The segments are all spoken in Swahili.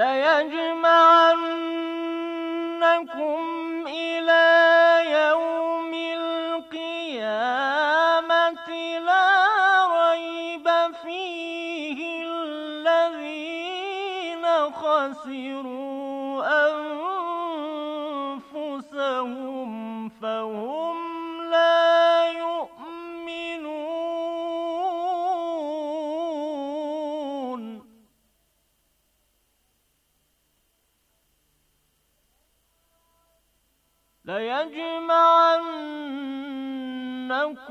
ليجمعنكم إلى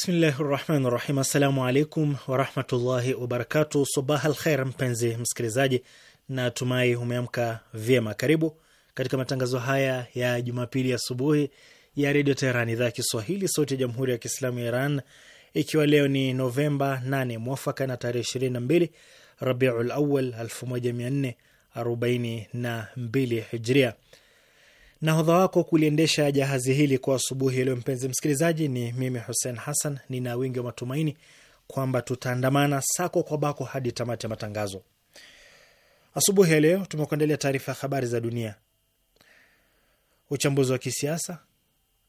Bismillahi rahmani rahim. Assalamu alaikum warahmatullahi wabarakatu. Sabah al khair, mpenzi msikilizaji, na tumai umeamka vyema. Karibu katika matangazo haya ya Jumapili asubuhi ya redio Teheran, idhaa ya Kiswahili, sauti ya jamhuri ya kiislamu ya Iran, ikiwa leo ni Novemba 8 mwafaka na tarehe 22 Rabiul Awal 1442 Hijria nahodha wako kuliendesha jahazi hili kwa asubuhi leo. Mpenzi msikilizaji, ni mimi Hussein Hassan. Nina wingi wa matumaini kwamba tutaandamana sako kwa bako hadi tamati ya matangazo. Asubuhi ya leo tumekuandalia taarifa ya habari za dunia, uchambuzi wa kisiasa,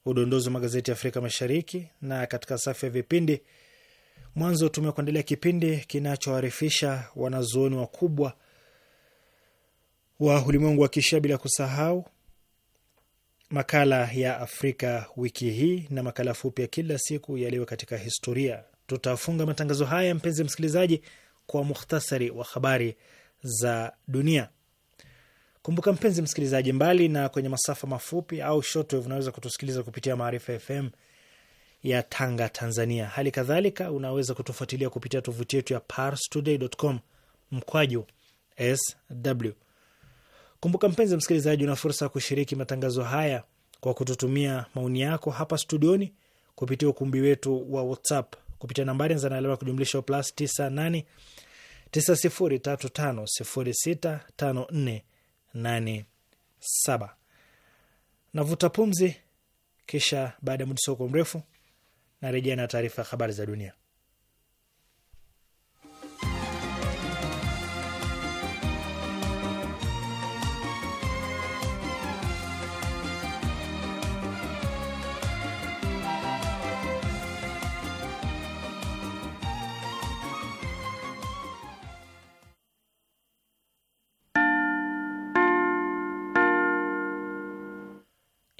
udondozi wa magazeti ya Afrika Mashariki, na katika safu ya vipindi mwanzo tumekuandalia kipindi kinachoarifisha wanazuoni wakubwa wa ulimwengu wa, kishia, bila kusahau makala ya Afrika wiki hii na makala fupi ya kila siku yaliyo katika historia. Tutafunga matangazo haya, mpenzi msikilizaji, kwa mukhtasari wa habari za dunia. Kumbuka mpenzi msikilizaji, mbali na kwenye masafa mafupi au shortwave, unaweza kutusikiliza kupitia Maarifa FM ya Tanga, Tanzania. Hali kadhalika unaweza kutufuatilia kupitia tovuti yetu ya parstoday.com mkwaju sw Kumbuka mpenzi msikilizaji, una fursa ya kushiriki matangazo haya kwa kututumia maoni yako hapa studioni kupitia ukumbi wetu wa WhatsApp kupitia nambari zanalewa kujumlisha plus 98 Navuta pumzi, kisha baada ya muda usio mrefu narejea na taarifa ya habari za dunia.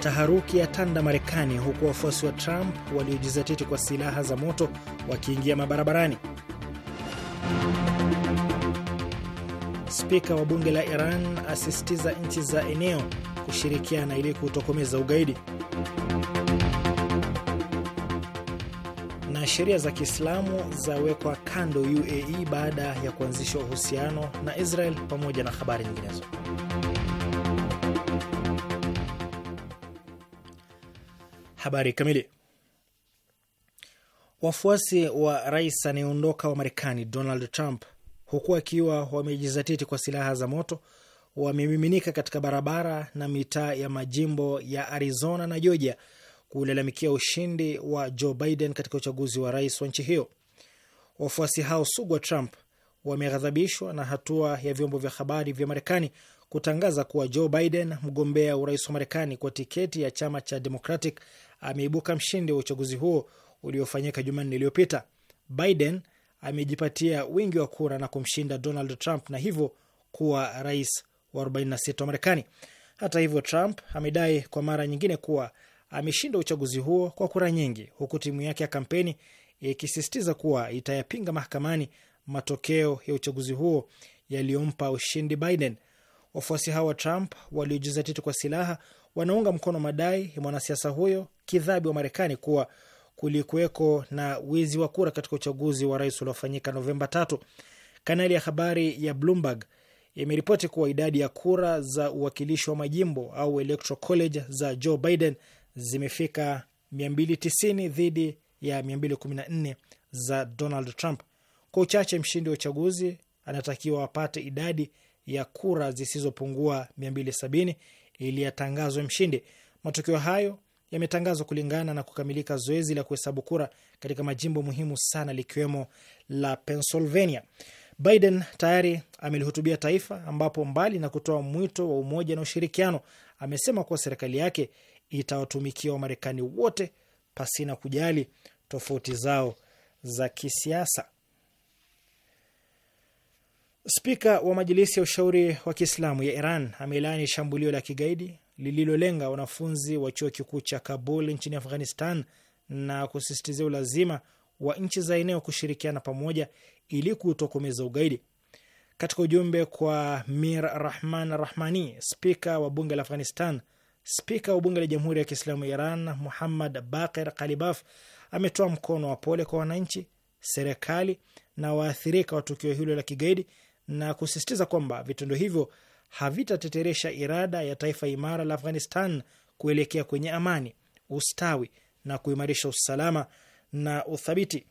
Taharuki ya tanda Marekani, huku wafuasi wa Trump waliojizatiti kwa silaha za moto wakiingia mabarabarani. Spika wa bunge la Iran asisitiza nchi za eneo kushirikiana ili kutokomeza ugaidi. Na sheria za Kiislamu zawekwa kando UAE baada ya kuanzisha uhusiano na Israel, pamoja na habari nyinginezo. Habari kamili. Wafuasi wa rais anayeondoka wa Marekani Donald Trump, huku akiwa wamejizatiti kwa silaha za moto, wamemiminika katika barabara na mitaa ya majimbo ya Arizona na Georgia kulalamikia ushindi wa Joe Biden katika uchaguzi wa rais wa nchi hiyo. Wafuasi hao sugu wa Trump wameghadhabishwa na hatua ya vyombo vya habari vya Marekani kutangaza kuwa Joe Biden, mgombea urais wa Marekani kwa tiketi ya chama cha Democratic, ameibuka mshindi wa uchaguzi huo uliofanyika Jumanne iliyopita. Biden amejipatia wingi wa kura na kumshinda Donald Trump na hivyo kuwa rais wa 46 wa Marekani. Hata hivyo, Trump amedai kwa mara nyingine kuwa ameshinda uchaguzi huo kwa kura nyingi, huku timu yake ya kampeni ikisisitiza kuwa itayapinga mahakamani matokeo ya uchaguzi huo yaliyompa ushindi Biden. Wafuasi hao wa Trump waliojizatiti kwa silaha wanaunga mkono madai ya mwanasiasa huyo kidhabi wa Marekani kuwa kulikuweko na wizi wa kura katika uchaguzi wa rais uliofanyika Novemba tatu. Kanali ya habari ya Bloomberg imeripoti kuwa idadi ya kura za uwakilishi wa majimbo au electoral college za Joe Biden zimefika 290 dhidi ya 214 za Donald Trump. Kwa uchache, mshindi wa uchaguzi anatakiwa apate idadi ya kura zisizopungua 270 ili yatangazwe mshindi. Matokeo hayo yametangazwa kulingana na kukamilika zoezi la kuhesabu kura katika majimbo muhimu sana likiwemo la Pennsylvania. Biden tayari amelihutubia taifa, ambapo mbali na kutoa mwito wa umoja na ushirikiano, amesema kuwa serikali yake itawatumikia Wamarekani wote pasina kujali tofauti zao za kisiasa. Spika wa Majilisi ya Ushauri wa Kiislamu ya Iran amelaani shambulio la kigaidi lililolenga wanafunzi wa chuo kikuu cha Kabul nchini Afghanistan na kusisitizia ulazima wa nchi za eneo kushirikiana pamoja ili kutokomeza ugaidi. Katika ujumbe kwa Mir Rahman Rahmani, spika wa bunge la Afghanistan, spika wa bunge la Jamhuri ya Kiislamu ya Iran Muhammad Baqir Kalibaf ametoa mkono wa pole kwa wananchi, serikali na waathirika wa tukio hilo la kigaidi na kusisitiza kwamba vitendo hivyo havitateteresha irada ya taifa imara la Afghanistan kuelekea kwenye amani, ustawi na kuimarisha usalama na uthabiti.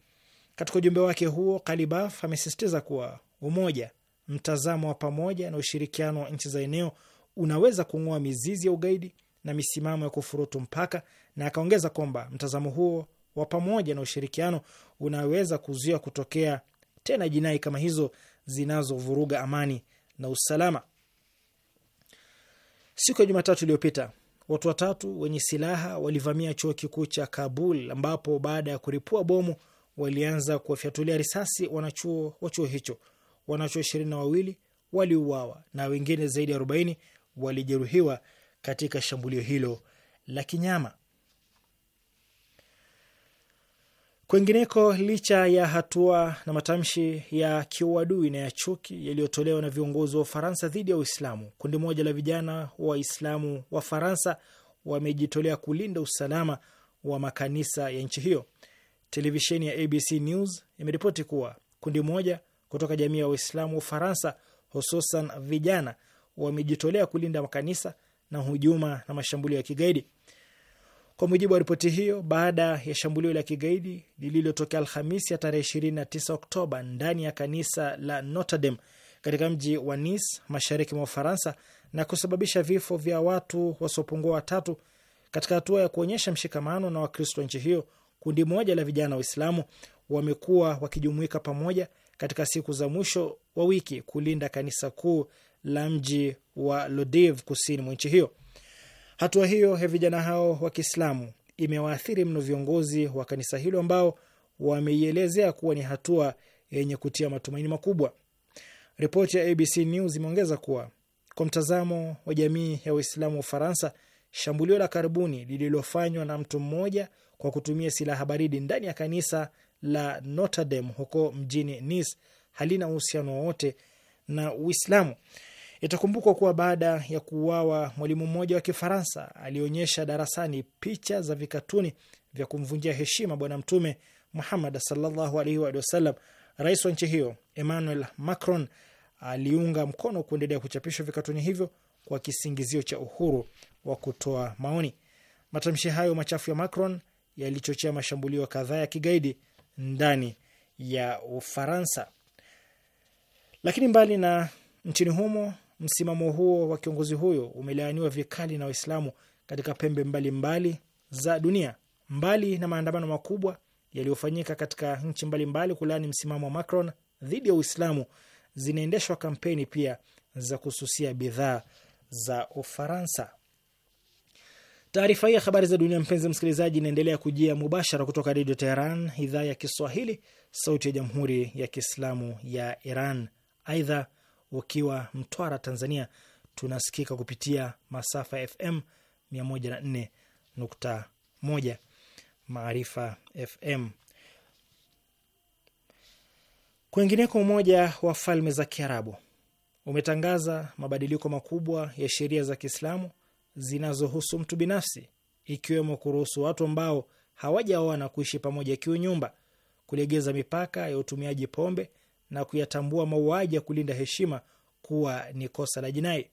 Katika ujumbe wake huo, Kalibaf amesisitiza kuwa umoja, mtazamo wa pamoja na ushirikiano wa nchi za eneo unaweza kung'oa mizizi ya ugaidi na misimamo ya kufurutu mpaka, na akaongeza kwamba mtazamo huo wa pamoja na ushirikiano unaweza kuzuia kutokea tena jinai kama hizo zinazovuruga amani na usalama. Siku ya Jumatatu iliyopita watu watatu wenye silaha walivamia chuo kikuu cha Kabul, ambapo baada ya kuripua bomu walianza kuwafyatulia risasi wanachuo wa chuo hicho. Wanachuo ishirini na wawili waliuawa na wengine zaidi ya arobaini walijeruhiwa katika shambulio hilo la kinyama. Kwengineko, licha ya hatua na matamshi ya kiuadui na ya chuki yaliyotolewa na viongozi wa Ufaransa dhidi ya Uislamu, kundi moja la vijana Waislamu wa Faransa wamejitolea kulinda usalama wa makanisa ya nchi hiyo. Televisheni ya ABC News imeripoti kuwa kundi moja kutoka jamii ya Waislamu wa Ufaransa, hususan vijana, wamejitolea kulinda makanisa na hujuma na mashambulio ya kigaidi. Kwa mujibu wa ripoti hiyo, baada ya shambulio la kigaidi lililotokea Alhamisi ya tarehe 29 Oktoba ndani ya kanisa la Notre Dame katika mji wa Nice mashariki mwa Ufaransa na kusababisha vifo vya watu wasiopungua watatu, katika hatua ya kuonyesha mshikamano na Wakristo nchi hiyo, kundi moja la vijana Waislamu wamekuwa wakijumuika pamoja katika siku za mwisho wa wiki kulinda kanisa kuu la mji wa Lodiv kusini mwa nchi hiyo. Hatua hiyo ya vijana hao wa Kiislamu imewaathiri mno viongozi wa kanisa hilo ambao wameielezea kuwa ni hatua yenye kutia matumaini makubwa. Ripoti ya ABC News imeongeza kuwa kwa mtazamo wa jamii ya Waislamu wa Ufaransa, shambulio la karibuni lililofanywa na mtu mmoja kwa kutumia silaha baridi ndani ya kanisa la Notre Dame huko mjini Nice halina uhusiano wowote na Uislamu. Itakumbukwa kuwa baada ya kuuawa mwalimu mmoja wa Kifaransa alionyesha darasani picha za vikatuni vya kumvunjia heshima Bwana Mtume Muhammad sallallahu alaihi wa sallam. Rais wa nchi hiyo Emmanuel Macron aliunga mkono kuendelea kuchapishwa vikatuni hivyo kwa kisingizio cha uhuru wa kutoa maoni. Matamshi hayo machafu ya Macron yalichochea mashambulio kadhaa ya kigaidi ndani ya Ufaransa. Lakini mbali na nchini humo Msimamo huo wa kiongozi huyo umelaaniwa vikali na Waislamu katika pembe mbalimbali mbali za dunia. Mbali na maandamano makubwa yaliyofanyika katika nchi mbalimbali kulaani msimamo wa Macron dhidi ya Uislamu, zinaendeshwa kampeni pia za kususia bidhaa za Ufaransa. Taarifa hii ya habari za dunia, mpenzi msikilizaji, inaendelea kujia mubashara kutoka Redio Teheran, idhaa ya Kiswahili, sauti ya Jamhuri ya Kiislamu ya Iran. Aidha, ukiwa Mtwara, Tanzania, tunasikika kupitia masafa ya FM 104.1 Maarifa FM. Kwingineko, Umoja wa Falme za Kiarabu umetangaza mabadiliko makubwa ya sheria za Kiislamu zinazohusu mtu binafsi, ikiwemo kuruhusu watu ambao na kuishi pamoja kiunyumba, kulegeza mipaka ya utumiaji pombe na kuyatambua mauaji ya kulinda heshima kuwa ni kosa la jinai.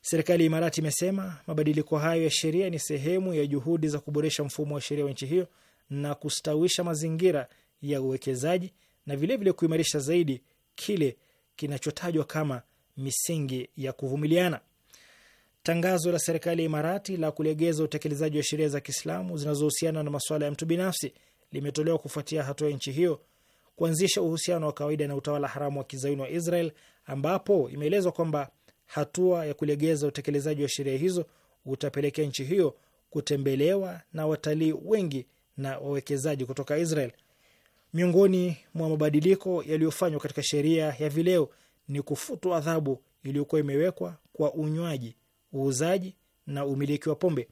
Serikali ya Imarati imesema mabadiliko hayo ya sheria ni sehemu ya juhudi za kuboresha mfumo wa sheria wa nchi hiyo na kustawisha mazingira ya uwekezaji na vilevile vile kuimarisha zaidi kile kinachotajwa kama misingi ya kuvumiliana. Tangazo la serikali ya Imarati la kulegeza utekelezaji wa sheria za Kiislamu zinazohusiana na masuala ya mtu binafsi limetolewa kufuatia hatua ya nchi hiyo kuanzisha uhusiano wa kawaida na utawala haramu wa kizayuni wa Israel, ambapo imeelezwa kwamba hatua ya kulegeza utekelezaji wa sheria hizo utapelekea nchi hiyo kutembelewa na watalii wengi na wawekezaji kutoka Israel. Miongoni mwa mabadiliko yaliyofanywa katika sheria ya vileo ni kufutwa adhabu iliyokuwa imewekwa kwa unywaji, uuzaji na umiliki wa pombe.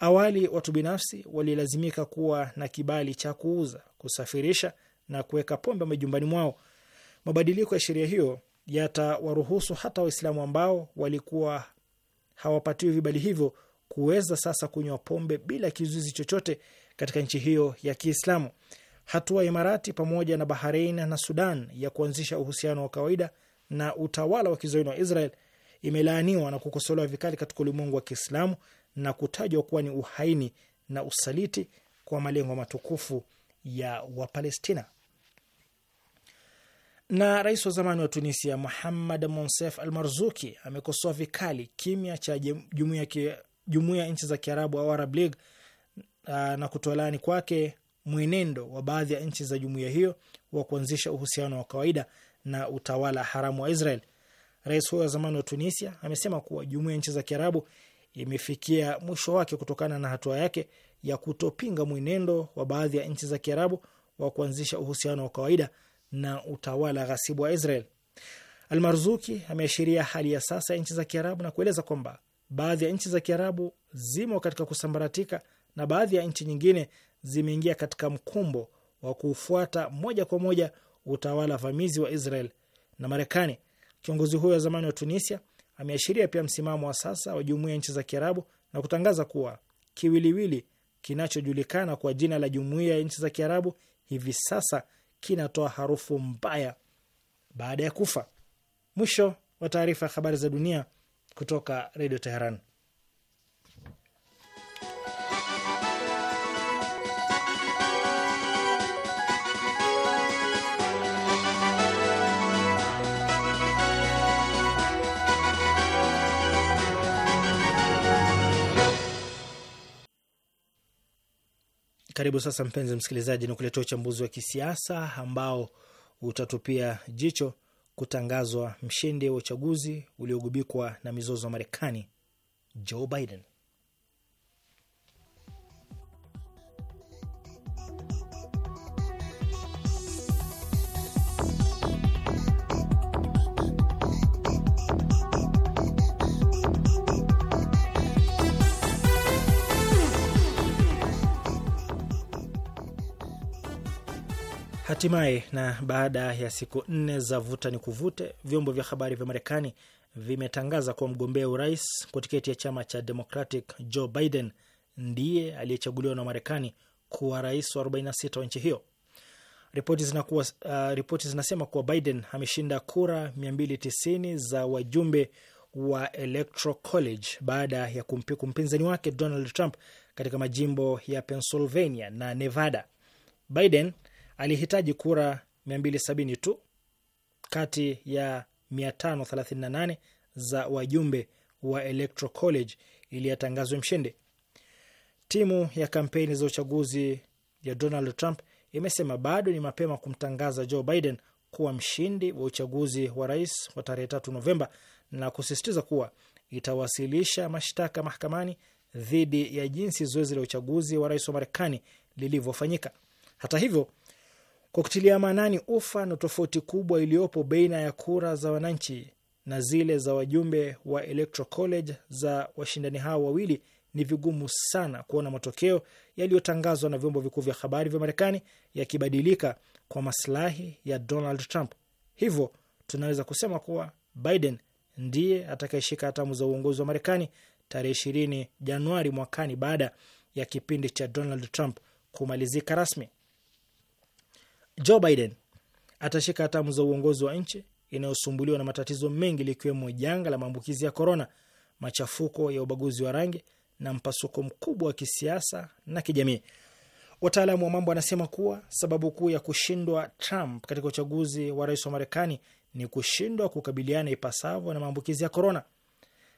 Awali watu binafsi walilazimika kuwa na kibali cha kuuza, kusafirisha na kuweka pombe majumbani mwao. Mabadiliko ya sheria hiyo yatawaruhusu hata Waislamu ambao walikuwa hawapatiwi vibali hivyo kuweza sasa kunywa pombe bila kizuizi chochote katika nchi hiyo ya Kiislamu. Hatua ya Imarati pamoja na Bahrein na Sudan ya kuanzisha uhusiano wa kawaida na utawala wa kizayuni wa Israel imelaaniwa na kukosolewa vikali katika ulimwengu wa Kiislamu na kutajwa kuwa ni uhaini na usaliti kwa malengo matukufu ya Wapalestina. Na rais wa zamani wa Tunisia Muhammad Monsef Al Marzuki amekosoa vikali kimya cha jumuiya ya nchi za Kiarabu au Arab League na kutolani kwake mwenendo wa baadhi ya nchi za jumuiya hiyo wa kuanzisha uhusiano wa kawaida na utawala haramu wa Israel. Rais huyo wa zamani wa Tunisia amesema kuwa jumuiya ya nchi za Kiarabu imefikia mwisho wake kutokana na hatua yake ya kutopinga mwenendo wa baadhi ya nchi za Kiarabu wa kuanzisha uhusiano wa kawaida na utawala ghasibu wa Israel. Almarzuki ameashiria hali ya sasa ya nchi za Kiarabu na kueleza kwamba baadhi ya nchi za Kiarabu zimo katika kusambaratika na baadhi ya nchi nyingine zimeingia katika mkumbo wa kufuata moja kwa moja utawala vamizi wa Israel na Marekani. Kiongozi huyo wa zamani wa Tunisia ameashiria pia msimamo wa sasa wa jumuiya ya nchi za Kiarabu na kutangaza kuwa kiwiliwili kinachojulikana kwa jina la jumuiya ya nchi za Kiarabu hivi sasa kinatoa harufu mbaya baada ya kufa. Mwisho wa taarifa ya habari za dunia kutoka Redio Teheran. Karibu sasa, mpenzi msikilizaji, ni kuletea uchambuzi wa kisiasa ambao utatupia jicho kutangazwa mshindi wa uchaguzi uliogubikwa na mizozo wa Marekani, Joe Biden. Hatimaye, na baada ya siku nne za vuta ni kuvute, vyombo vya habari vya Marekani vimetangaza kuwa mgombea urais kwa tiketi ya chama cha Democratic Joe Biden ndiye aliyechaguliwa na Marekani kuwa rais wa 46 wa nchi hiyo. Ripoti zinakuwa, uh, ripoti zinasema kuwa Biden ameshinda kura 290 za wajumbe wa Electoral College baada ya kumpiku mpinzani wake Donald Trump katika majimbo ya Pennsylvania na Nevada. Biden alihitaji kura 270 tu kati ya 538 za wajumbe wa Electoral College atangazwe mshindi. Timu ya kampeni za uchaguzi ya Donald Trump imesema bado ni mapema kumtangaza Joe Biden kuwa mshindi wa uchaguzi wa rais wa tarehe 3 Novemba na kusisitiza kuwa itawasilisha mashtaka mahakamani dhidi ya jinsi zoezi la uchaguzi wa rais wa Marekani lilivyofanyika. Hata hivyo kwa kutilia maanani ufa na tofauti kubwa iliyopo baina ya kura za wananchi na zile za wajumbe wa Electoral College za washindani hao wawili, ni vigumu sana kuona matokeo yaliyotangazwa na vyombo vikuu vya habari vya Marekani yakibadilika kwa maslahi ya Donald Trump. Hivyo tunaweza kusema kuwa Biden ndiye atakayeshika hatamu za uongozi wa Marekani tarehe ishirini Januari mwakani baada ya kipindi cha Donald Trump kumalizika rasmi. Joe Biden atashika hatamu za uongozi wa nchi inayosumbuliwa na matatizo mengi likiwemo janga la maambukizi ya korona, machafuko ya ubaguzi wa rangi na mpasuko mkubwa wa kisiasa na kijamii. Wataalamu wa mambo wanasema kuwa sababu kuu ya kushindwa Trump katika uchaguzi wa rais wa Marekani ni kushindwa kukabiliana ipasavyo na maambukizi ya korona.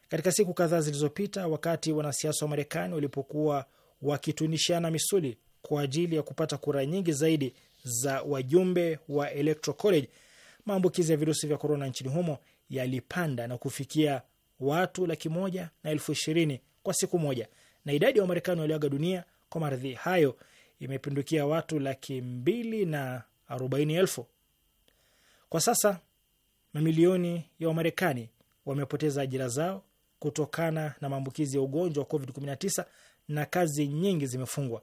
Katika siku kadhaa zilizopita, wakati wanasiasa wa Marekani walipokuwa wakitunishana misuli kwa ajili ya kupata kura nyingi zaidi za wajumbe wa Electoral College, maambukizi ya virusi vya korona nchini humo yalipanda na kufikia watu laki moja na elfu ishirini kwa siku moja, na idadi ya Wamarekani walioaga dunia kwa maradhi hayo imepindukia watu laki mbili na arobaini elfu. Kwa sasa mamilioni ya Wamarekani wamepoteza ajira zao kutokana na maambukizi ya ugonjwa wa COVID-19 na kazi nyingi zimefungwa.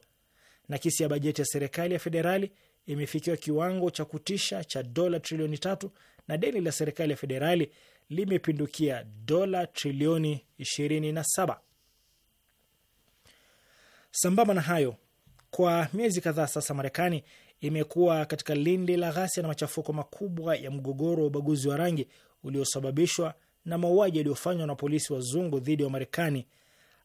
Nakisi ya bajeti ya serikali ya federali imefikiwa kiwango cha kutisha cha dola trilioni tatu na deni la serikali ya federali limepindukia dola trilioni 27. Sambamba na hayo, kwa miezi kadhaa sasa Marekani imekuwa katika lindi la ghasia na machafuko makubwa ya mgogoro wa ubaguzi wa rangi uliosababishwa na mauaji yaliyofanywa na polisi wazungu dhidi ya Wamarekani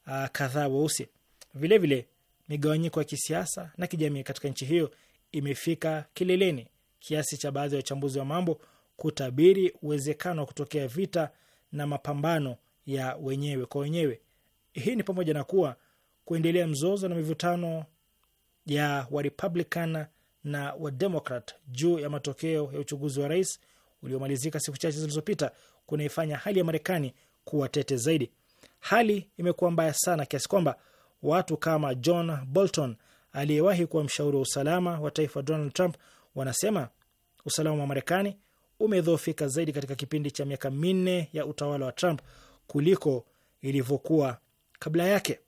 ah, kadhaa weusi. Vilevile, migawanyiko ya kisiasa na kijamii katika nchi hiyo imefika kileleni kiasi cha baadhi ya wachambuzi wa mambo kutabiri uwezekano wa kutokea vita na mapambano ya wenyewe kwa wenyewe. Hii ni pamoja na kuwa kuendelea mzozo na mivutano ya Warepublican na Wademokrat juu ya matokeo ya uchaguzi wa rais uliomalizika siku chache zilizopita kunaifanya hali ya Marekani kuwa tete zaidi. Hali imekuwa mbaya sana kiasi kwamba watu kama John Bolton aliyewahi kuwa mshauri wa usalama wa taifa Donald Trump wanasema usalama wa Marekani umedhoofika zaidi katika kipindi cha miaka minne ya utawala wa Trump kuliko ilivyokuwa kabla yake.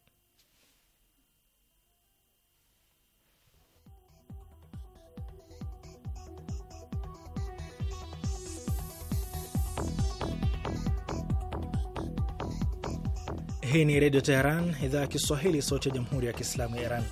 Hii ni Redio Teheran, idhaa ya Kiswahili, sauti ya Jamhuri ya Kiislamu ya Iran.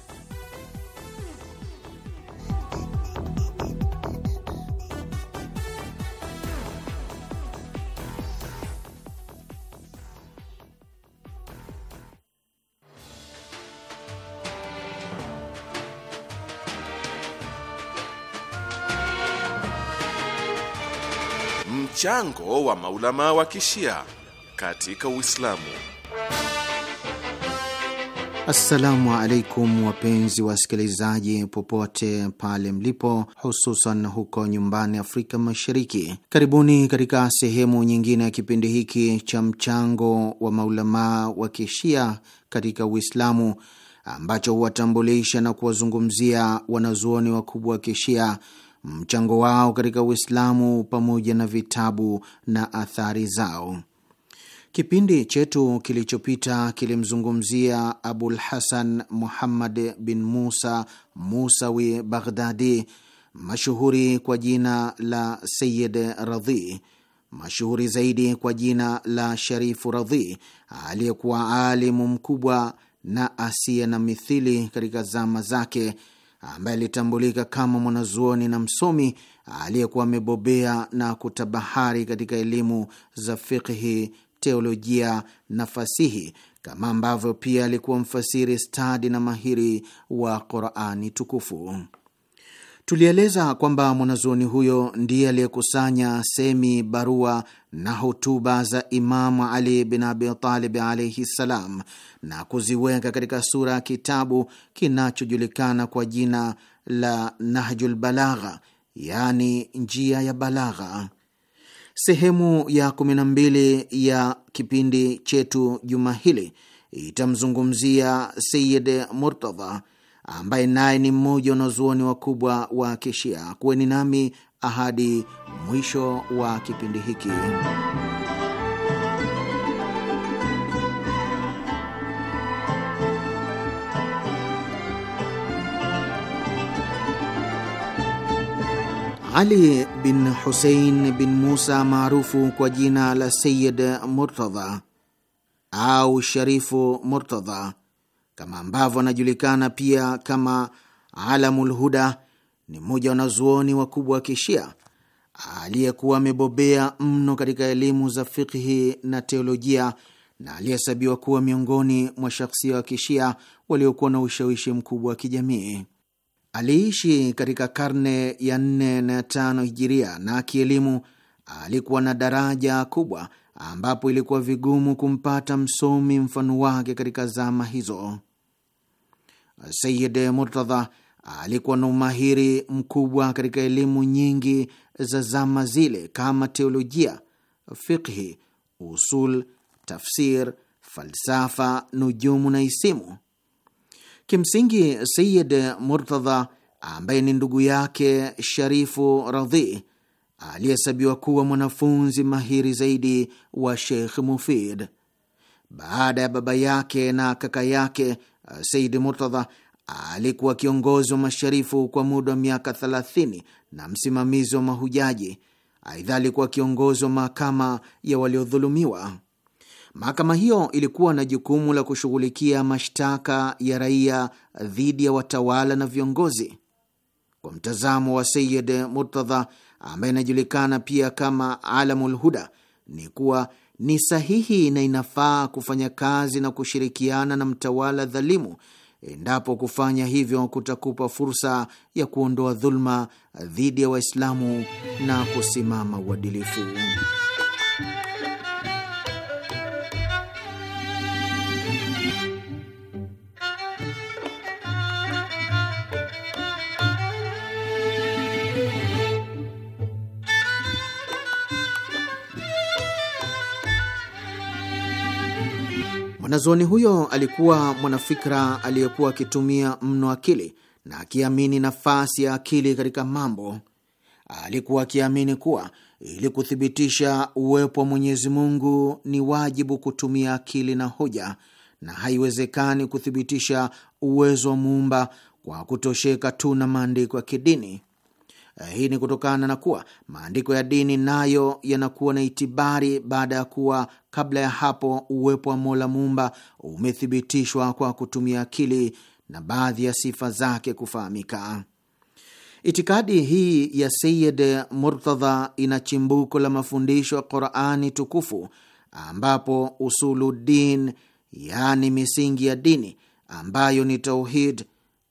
Mchango wa maulama wa kishia katika Uislamu. Assalamu alaikum wapenzi wasikilizaji, popote pale mlipo, hususan huko nyumbani Afrika Mashariki. Karibuni katika sehemu nyingine ya kipindi hiki cha mchango wa maulamaa wa kishia katika Uislamu, ambacho huwatambulisha na kuwazungumzia wanazuoni wakubwa wa kishia mchango wao katika Uislamu pamoja na vitabu na athari zao. Kipindi chetu kilichopita kilimzungumzia Abul Hasan Muhammad bin Musa Musawi Baghdadi, mashuhuri kwa jina la Sayid Radhi, mashuhuri zaidi kwa jina la Sharifu Radhi, aliyekuwa alimu mkubwa na asiye na mithili katika zama zake ambaye alitambulika kama mwanazuoni na msomi aliyekuwa amebobea na kutabahari katika elimu za fikhi, teolojia na fasihi, kama ambavyo pia alikuwa mfasiri stadi na mahiri wa Qurani tukufu. Tulieleza kwamba mwanazuoni huyo ndiye aliyekusanya semi, barua na hotuba za Imamu Ali bin Abi Talib alaihi ssalam, na kuziweka katika sura ya kitabu kinachojulikana kwa jina la Nahjul Balagha, yani njia ya balagha. Sehemu ya 12 ya kipindi chetu juma hili itamzungumzia Sayid Murtadha ambaye naye ni mmoja wanazuoni wakubwa wa Kishia. Kuweni nami ahadi mwisho wa kipindi hiki. Ali bin Husein bin Musa maarufu kwa jina la Sayid Murtadha au Sharifu Murtadha kama ambavyo anajulikana pia kama Alamul Huda. Ni mmoja wa wanazuoni wakubwa wa Kishia aliyekuwa amebobea mno katika elimu za fikhi na teolojia na aliyehesabiwa kuwa miongoni mwa shakhsia wa Kishia waliokuwa na ushawishi mkubwa wa kijamii. Aliishi katika karne ya nne na ya tano hijiria, na kielimu alikuwa na daraja kubwa ambapo ilikuwa vigumu kumpata msomi mfano wake katika zama hizo. Sayid Murtadha alikuwa na umahiri mkubwa katika elimu nyingi za zama zile kama teolojia, fiqhi, usul, tafsir, falsafa, nujumu na isimu. Kimsingi, Sayid Murtadha ambaye ni ndugu yake Sharifu Radhi aliyehesabiwa kuwa mwanafunzi mahiri zaidi wa Sheikh Mufid baada ya baba yake na kaka yake Eh, Said Murtadha alikuwa kiongozi wa masharifu kwa muda wa miaka 30 na msimamizi wa mahujaji. Aidha, alikuwa kiongozi wa mahakama ya waliodhulumiwa. Mahakama hiyo ilikuwa na jukumu la kushughulikia mashtaka ya raia dhidi ya watawala na viongozi. Kwa mtazamo wa Sayid Murtadha, ambaye inajulikana pia kama Alamul Huda, ni kuwa ni sahihi na inafaa kufanya kazi na kushirikiana na mtawala dhalimu endapo kufanya hivyo kutakupa fursa ya kuondoa dhuluma dhidi ya Waislamu na kusimama uadilifu. Mwanazuoni huyo alikuwa mwanafikra aliyekuwa akitumia mno akili na akiamini nafasi ya akili katika mambo. Alikuwa akiamini kuwa ili kuthibitisha uwepo wa Mwenyezi Mungu ni wajibu kutumia akili na hoja, na haiwezekani kuthibitisha uwezo wa muumba kwa kutosheka tu na maandiko ya kidini. Eh, hii ni kutokana na kuwa maandiko ya dini nayo yanakuwa na itibari baada ya kuwa kabla ya hapo uwepo wa Mola Muumba umethibitishwa kwa kutumia akili na baadhi ya sifa zake kufahamika. Itikadi hii ya Sayid Murtadha ina chimbuko la mafundisho ya Qurani tukufu ambapo usuludin yaani misingi ya dini ambayo ni tauhid,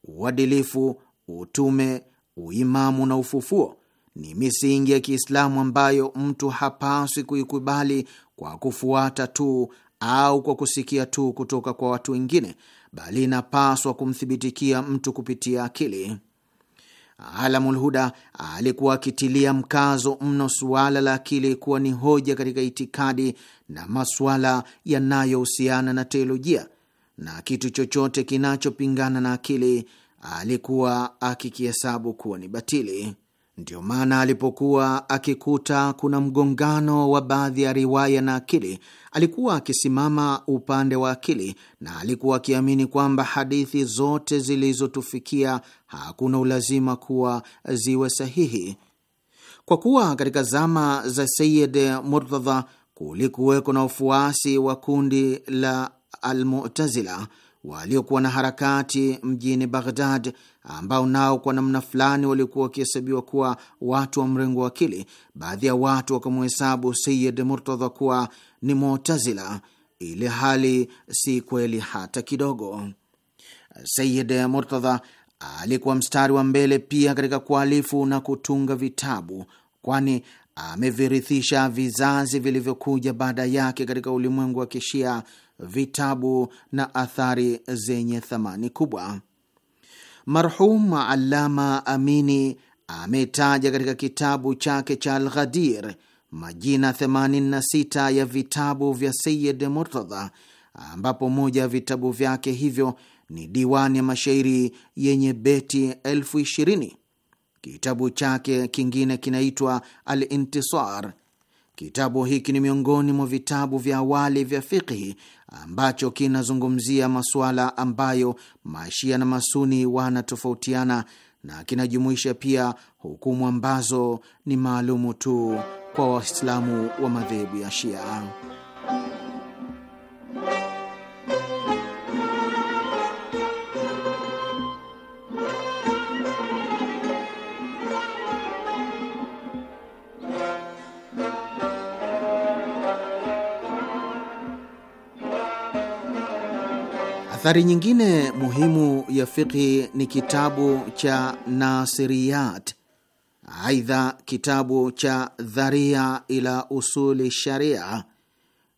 uadilifu, utume uimamu na ufufuo ni misingi ya Kiislamu ambayo mtu hapaswi kuikubali kwa kufuata tu au kwa kusikia tu kutoka kwa watu wengine, bali inapaswa kumthibitikia mtu kupitia akili. Alamul Huda alikuwa akitilia mkazo mno suala la akili kuwa ni hoja katika itikadi na masuala yanayohusiana na teolojia, na kitu chochote kinachopingana na akili alikuwa akikihesabu kuwa ni batili. Ndiyo maana alipokuwa akikuta kuna mgongano wa baadhi ya riwaya na akili, alikuwa akisimama upande wa akili, na alikuwa akiamini kwamba hadithi zote zilizotufikia hakuna ulazima kuwa ziwe sahihi, kwa kuwa katika zama za Sayid Murtadha kulikuweko na ufuasi wa kundi la Almutazila waliokuwa na harakati mjini Baghdad, ambao nao kwa namna fulani waliokuwa wakihesabiwa kuwa watu wa mrengo wa akili. Baadhi ya watu wakamhesabu Sayid Murtadha kuwa ni Mutazila, ili hali si kweli hata kidogo. Sayid Murtadha alikuwa mstari wa mbele pia katika kualifu na kutunga vitabu, kwani amevirithisha vizazi vilivyokuja baada yake katika ulimwengu wa Kishia vitabu na athari zenye thamani kubwa. Marhum Allama Amini ametaja katika kitabu chake cha Alghadir majina 86 ya vitabu vya Sayid Murtadha, ambapo moja ya vitabu vyake hivyo ni diwani ya mashairi yenye beti elfu ishirini. Kitabu chake kingine kinaitwa Al Intisar. Kitabu hiki ni miongoni mwa vitabu vya awali vya fiqhi ambacho kinazungumzia masuala ambayo Mashia na Masuni wanatofautiana na kinajumuisha pia hukumu ambazo ni maalumu tu kwa Waislamu wa madhehebu ya Shia. Athari nyingine muhimu ya fiqhi ni kitabu cha Nasiriyat. Aidha, kitabu cha Dharia ila Usuli Sharia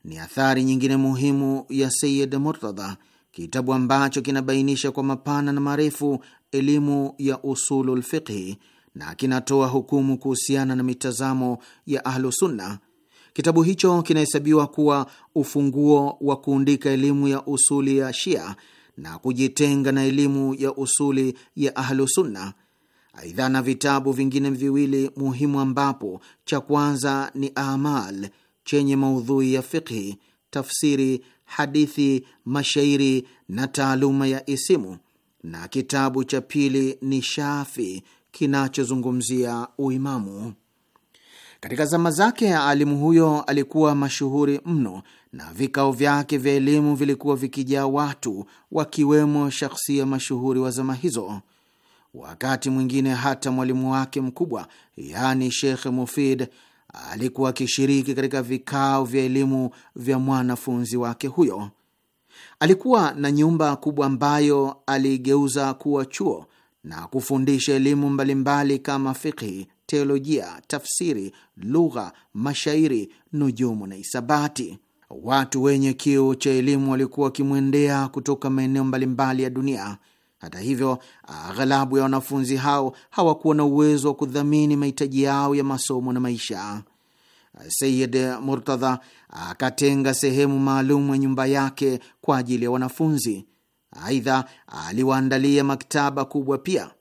ni athari nyingine muhimu ya Sayid Murtadha, kitabu ambacho kinabainisha kwa mapana na marefu elimu ya usulul fiqhi na kinatoa hukumu kuhusiana na mitazamo ya Ahlusunna Kitabu hicho kinahesabiwa kuwa ufunguo wa kuundika elimu ya usuli ya Shia na kujitenga na elimu ya usuli ya Ahlusunna. Aidha, na vitabu vingine viwili muhimu, ambapo cha kwanza ni Amal chenye maudhui ya fiqhi, tafsiri, hadithi, mashairi na taaluma ya isimu, na kitabu cha pili ni Shafi kinachozungumzia uimamu. Katika zama zake alimu huyo alikuwa mashuhuri mno na vikao vyake vya elimu vilikuwa vikijaa watu wakiwemo shakhsia mashuhuri wa zama hizo. Wakati mwingine hata mwalimu wake mkubwa, yaani Sheikh Mufid, alikuwa akishiriki katika vikao vya elimu vya mwanafunzi wake huyo. Alikuwa na nyumba kubwa ambayo aliigeuza kuwa chuo na kufundisha elimu mbalimbali kama fikhi, teolojia, tafsiri, lugha, mashairi, nujumu na isabati. Watu wenye kiu cha elimu walikuwa wakimwendea kutoka maeneo mbalimbali ya dunia. Hata hivyo, aghalabu ya wanafunzi hao hawakuwa na uwezo wa kudhamini mahitaji yao ya masomo na maisha. Sayid Murtadha akatenga sehemu maalum ya nyumba yake kwa ajili ya wanafunzi. Aidha, aliwaandalia maktaba kubwa pia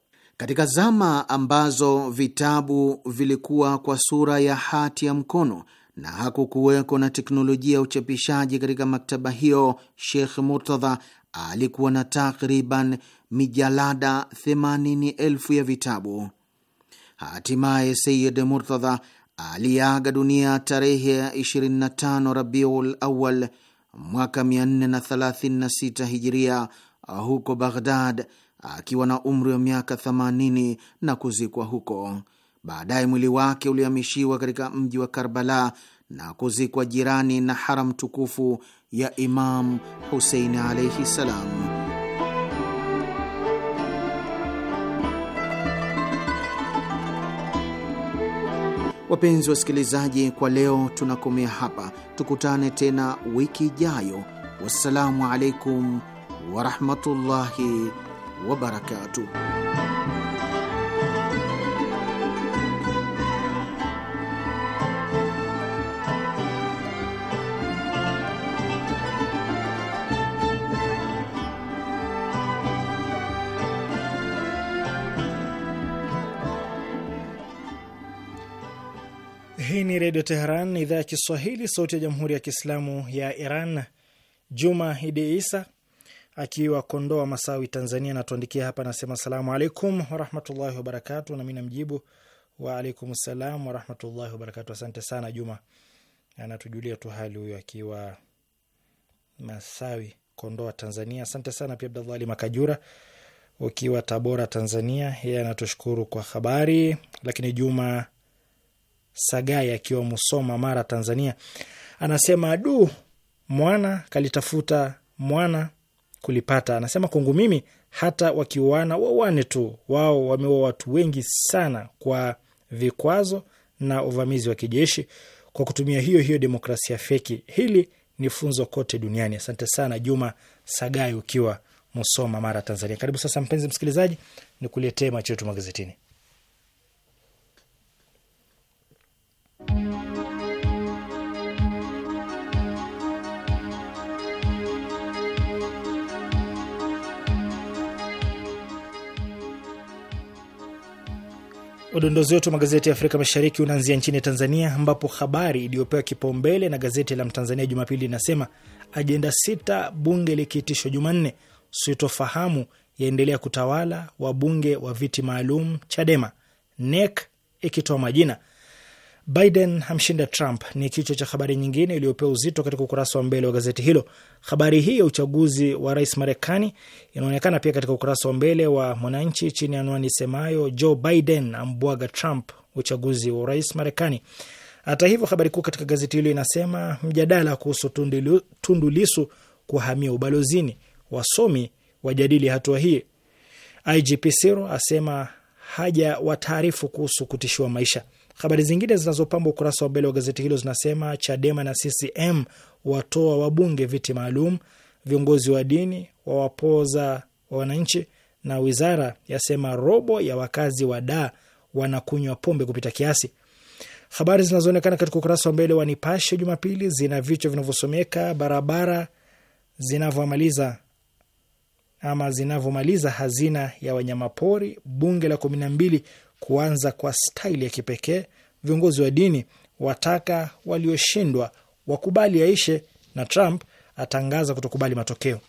katika zama ambazo vitabu vilikuwa kwa sura ya hati ya mkono na hakukuweko na teknolojia ya uchapishaji katika maktaba hiyo, Sheikh Murtadha alikuwa na takriban mijalada themanini ya vitabu. Hatimaye Sayid Murtadha aliaga dunia tarehe ya 25 Rabiul Awal mwaka 436 Hijiria huko Baghdad akiwa na umri wa miaka 80 na kuzikwa huko. Baadaye mwili wake ulihamishiwa katika mji wa Karbala na kuzikwa jirani na haram tukufu ya Imam Husein alaihi salam. Wapenzi wasikilizaji, kwa leo tunakomea hapa, tukutane tena wiki ijayo. Wassalamu alaikum warahmatullahi wabarakatuh. Hii ni Redio Teheran, idhaa ya Kiswahili, sauti ya Jamhuri ya Kiislamu ya Iran. Juma Idi Isa akiwa Kondoa Masawi, Tanzania, anatuandikia hapa, anasema salamu alaikum warahmatullahi wabarakatu. Nami namjibu waalaikum salam warahmatullahi wabarakatu. Asante sana Juma, anatujulia tu hali huyo akiwa Masawi, Kondoa, Tanzania. Asante sana pia Abdallah Ali Makajura ukiwa Tabora, Tanzania, yeye anatushukuru kwa habari. Lakini Juma Sagai akiwa Musoma, Mara, Tanzania, anasema du, mwana kalitafuta mwana kulipata. Anasema kwangu mimi hata wakiuana wauane tu, wao wameua watu wengi sana kwa vikwazo na uvamizi wa kijeshi kwa kutumia hiyo hiyo demokrasia feki. Hili ni funzo kote duniani. Asante sana Juma Sagai ukiwa Musoma, Mara, Tanzania. Karibu sasa, mpenzi msikilizaji, ni kuletee macho yetu magazetini. Udondozi wetu wa magazeti ya Afrika Mashariki unaanzia nchini Tanzania, ambapo habari iliyopewa kipaumbele na gazeti la Mtanzania Jumapili inasema ajenda sita bunge likiitishwa Jumanne, sitofahamu yaendelea kutawala wabunge wa viti maalum Chadema, NEC ikitoa majina Biden hamshinda Trump ni kichwa cha habari nyingine iliyopewa uzito katika ukurasa wa mbele wa gazeti hilo. Habari hii ya uchaguzi wa rais Marekani inaonekana pia katika ukurasa wa mbele wa Mwananchi chini ya anwani semayo Joe Biden ambwaga Trump uchaguzi wa rais Marekani. Hata hivyo, habari kuu katika gazeti hilo inasema mjadala kuhusu Tundu Lisu kuhamia ubalozini, wasomi wajadili hatua hii. IGP asema haja wataarifu kuhusu kutishiwa maisha. Habari zingine zinazopambwa ukurasa wa mbele wa gazeti hilo zinasema Chadema na CCM watoa wabunge viti maalum, viongozi wa dini wawapoza wananchi, na wizara yasema robo ya wakazi wa Da wanakunywa pombe kupita kiasi. Habari zinazoonekana katika ukurasa wa mbele wa Nipashe Jumapili zina vichwa vinavyosomeka barabara zinavyomaliza ama zinavyomaliza hazina ya wanyamapori, bunge la kumi na mbili kuanza kwa staili ya kipekee. Viongozi wa dini wataka walioshindwa wakubali aishe na Trump atangaza kutokubali matokeo.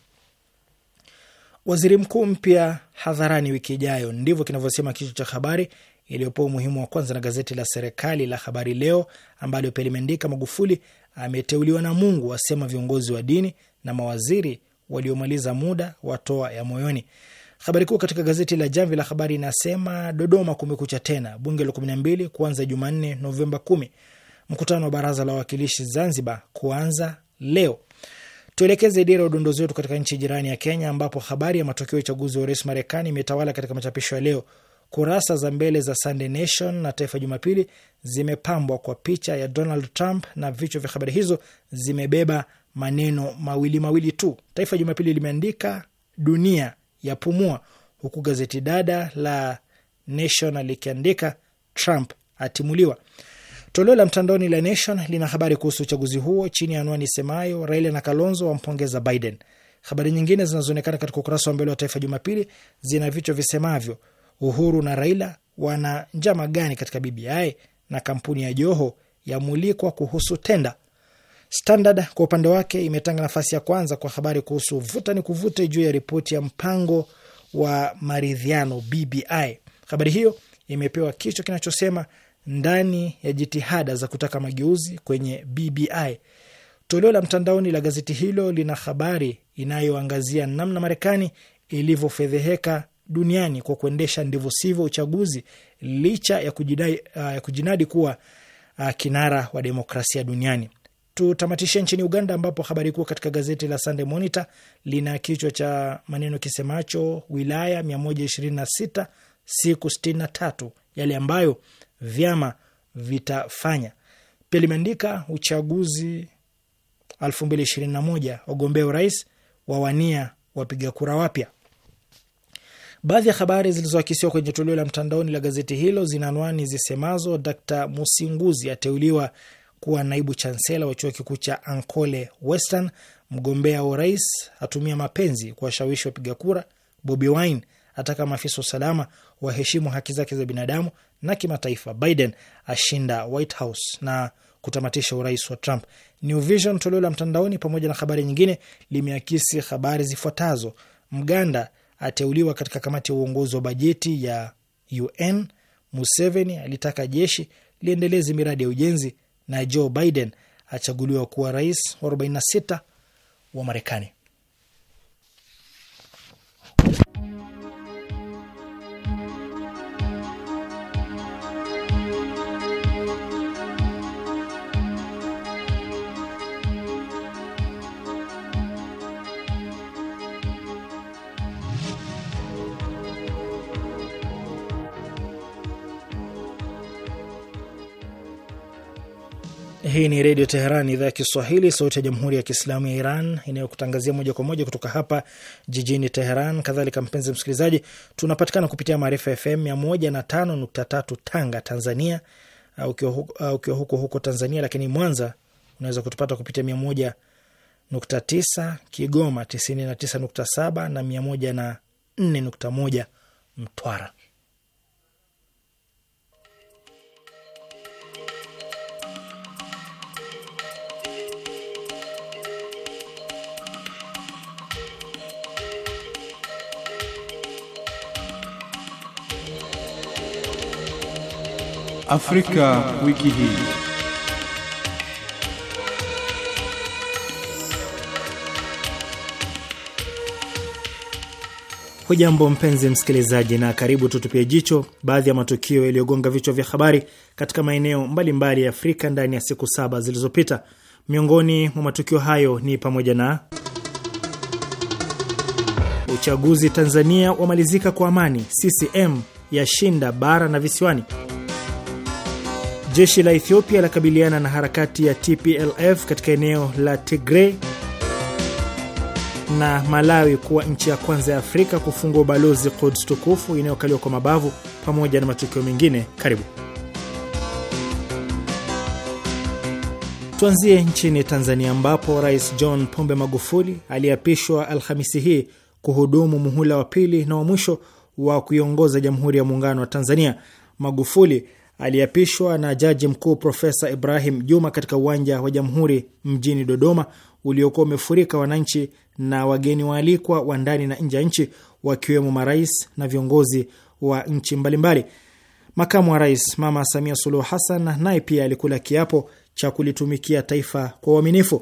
Waziri mkuu mpya hadharani wiki ijayo, ndivyo kinavyosema kichwa cha habari iliyopewa umuhimu wa kwanza na gazeti la serikali la Habari Leo, ambalo pia limeandika Magufuli ameteuliwa na Mungu, wasema viongozi wa dini na mawaziri waliomaliza muda watoa ya moyoni. Habari kuu katika gazeti la Jamvi la Habari inasema Dodoma kumekucha tena, bunge la 12 kuanza Jumanne Novemba 10, mkutano wa baraza la wawakilishi Zanzibar kuanza leo. Tuelekeze dira ya udondozi wetu katika nchi jirani ya Kenya, ambapo habari ya matokeo ya uchaguzi wa urais Marekani imetawala katika machapisho ya leo. Kurasa za mbele za Sunday Nation na Taifa Jumapili zimepambwa kwa picha ya Donald Trump na vichwa vya habari hizo zimebeba maneno mawili mawili tu. Taifa Jumapili limeandika dunia yapumua, huku gazeti dada la Nation likiandika Trump atimuliwa. Toleo la mtandaoni la Nation lina habari kuhusu uchaguzi huo chini ya anwani semayo Raila na Kalonzo wampongeza Biden. Habari nyingine zinazoonekana katika ukurasa wa mbele wa Taifa Jumapili zina vichwa visemavyo Uhuru na Raila wana njama gani katika BBI na kampuni ya Joho yamulikwa kuhusu tenda Standard kwa upande wake imetanga nafasi ya kwanza kwa habari kuhusu vuta ni kuvute juu ya ripoti ya mpango wa maridhiano BBI. Habari hiyo imepewa kichwa kinachosema ndani ya jitihada za kutaka mageuzi kwenye BBI. Toleo la mtandaoni la gazeti hilo lina habari inayoangazia namna Marekani ilivyofedheheka duniani kwa kuendesha ndivyo sivyo uchaguzi licha ya kujidai, uh, ya kujinadi kuwa uh, kinara wa demokrasia duniani. Tutamatishe nchini Uganda, ambapo habari kuu katika gazeti la Sunday Monitor lina kichwa cha maneno kisemacho wilaya 126 siku 63 yale ambayo vyama vitafanya. Pia limeandika uchaguzi 2021 wagombea urais wawania wapiga kura wapya. Baadhi ya habari zilizoakisiwa kwenye toleo la mtandaoni la gazeti hilo zina anwani zisemazo: Dkt Musinguzi ateuliwa kuwa naibu chansela wa chuo kikuu cha Ankole Western. Mgombea wa urais atumia mapenzi kuwashawishi wapiga kura. Bobi Wine ataka maafisa wa usalama waheshimu haki zake za binadamu na kimataifa. Biden ashinda White House na kutamatisha urais wa Trump. New Vision toleo la mtandaoni, pamoja na habari nyingine, limeakisi habari zifuatazo: Mganda ateuliwa katika kamati ya uongozi wa bajeti ya UN. Museveni alitaka jeshi liendeleze miradi ya ujenzi na Joe Biden achaguliwa kuwa rais wa 46 wa Marekani. Hii ni Redio Teheran, idhaa ya Kiswahili, sauti ya Jamhuri ya Kiislamu ya Iran inayokutangazia moja kwa moja kutoka hapa jijini Teheran. Kadhalika mpenzi msikilizaji, tunapatikana kupitia Maarifa FM 105.3 Tanga, Tanzania. Ukiwa huko huko Tanzania lakini Mwanza, unaweza kutupata kupitia 101.9, Kigoma 99.7 na 104.1 Mtwara. Afrika wiki hii. Hujambo mpenzi msikilizaji, na karibu tutupie jicho baadhi ya matukio yaliyogonga vichwa vya habari katika maeneo mbalimbali ya Afrika ndani ya siku saba zilizopita. Miongoni mwa matukio hayo ni pamoja na uchaguzi Tanzania wamalizika kwa amani, CCM yashinda bara na visiwani Jeshi la Ethiopia lakabiliana na harakati ya TPLF katika eneo la Tigray, na Malawi kuwa nchi ya kwanza ya Afrika kufungua ubalozi Quds tukufu inayokaliwa kwa mabavu, pamoja na matukio mengine. Karibu tuanzie nchini Tanzania, ambapo Rais John Pombe Magufuli aliyeapishwa Alhamisi hii kuhudumu muhula wa pili na wa mwisho wa kuiongoza Jamhuri ya Muungano wa Tanzania. Magufuli aliapishwa na jaji mkuu Profesa Ibrahim Juma katika uwanja wa Jamhuri mjini Dodoma uliokuwa umefurika wananchi na wageni waalikwa wa ndani na nje ya nchi wakiwemo marais na viongozi wa nchi mbalimbali. Makamu wa rais Mama Samia Suluhu Hassan naye pia alikula kiapo cha kulitumikia taifa kwa uaminifu.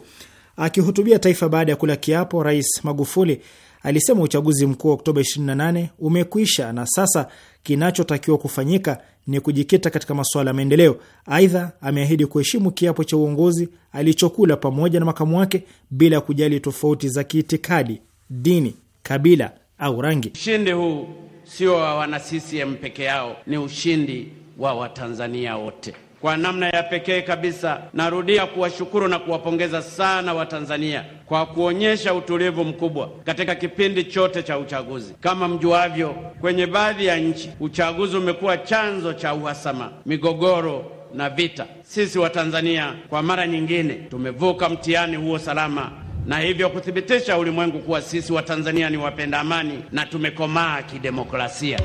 Akihutubia taifa baada ya kula kiapo, Rais Magufuli alisema uchaguzi mkuu wa Oktoba 28 umekwisha na sasa kinachotakiwa kufanyika ni kujikita katika masuala ya maendeleo. Aidha, ameahidi kuheshimu kiapo cha uongozi alichokula pamoja na makamu wake bila ya kujali tofauti za kiitikadi, dini, kabila au rangi. Ushindi huu sio wa wana CCM peke yao, ni ushindi wa Watanzania wote kwa namna ya pekee kabisa. Narudia kuwashukuru na kuwapongeza sana Watanzania kwa kuonyesha utulivu mkubwa katika kipindi chote cha uchaguzi. Kama mjuavyo, kwenye baadhi ya nchi uchaguzi umekuwa chanzo cha uhasama, migogoro na vita. Sisi Watanzania kwa mara nyingine tumevuka mtihani huo salama na hivyo kuthibitisha ulimwengu kuwa sisi Watanzania ni wapenda amani na tumekomaa kidemokrasia.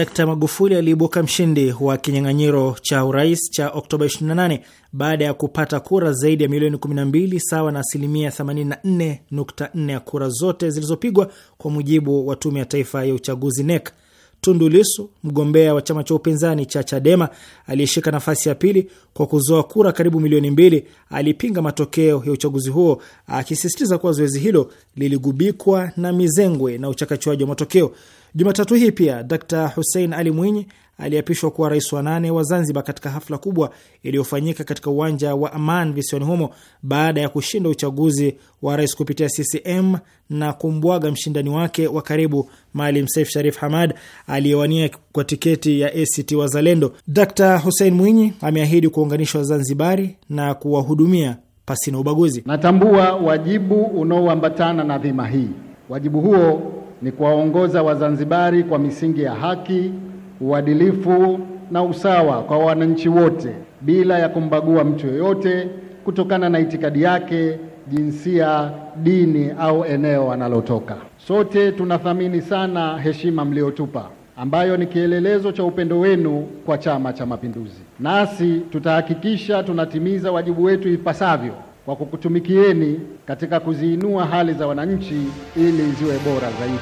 Dkt Magufuli aliibuka mshindi wa kinyang'anyiro cha urais cha Oktoba 28 baada ya kupata kura zaidi ya milioni 12 sawa na asilimia 84.4 ya kura zote zilizopigwa kwa mujibu wa Tume ya Taifa ya Uchaguzi NEC. Tundu Lisu, mgombea wa chama cha upinzani cha Chadema aliyeshika nafasi ya pili kwa kuzoa kura karibu milioni mbili, alipinga matokeo ya uchaguzi huo akisisitiza kuwa zoezi hilo liligubikwa na mizengwe na uchakachuaji wa matokeo. Jumatatu hii pia Dr Hussein Ali Mwinyi aliapishwa kuwa rais wa nane wa Zanzibar katika hafla kubwa iliyofanyika katika uwanja wa Aman visiwani humo baada ya kushinda uchaguzi wa rais kupitia CCM na kumbwaga mshindani wake wa karibu Maalim Seif Sharif Hamad aliyewania kwa tiketi ya ACT Wazalendo. Dr Hussein Mwinyi ameahidi kuunganisha Wazanzibari na kuwahudumia pasina ubaguzi. Natambua wajibu unaoambatana na dhima hii. Wajibu huo ni kuwaongoza Wazanzibari kwa misingi ya haki, uadilifu na usawa kwa wananchi wote bila ya kumbagua mtu yoyote kutokana na itikadi yake, jinsia, dini au eneo analotoka. Sote tunathamini sana heshima mliotupa ambayo ni kielelezo cha upendo wenu kwa Chama cha Mapinduzi. Nasi tutahakikisha tunatimiza wajibu wetu ipasavyo kwa kukutumikieni katika kuziinua hali za wananchi ili ziwe bora zaidi.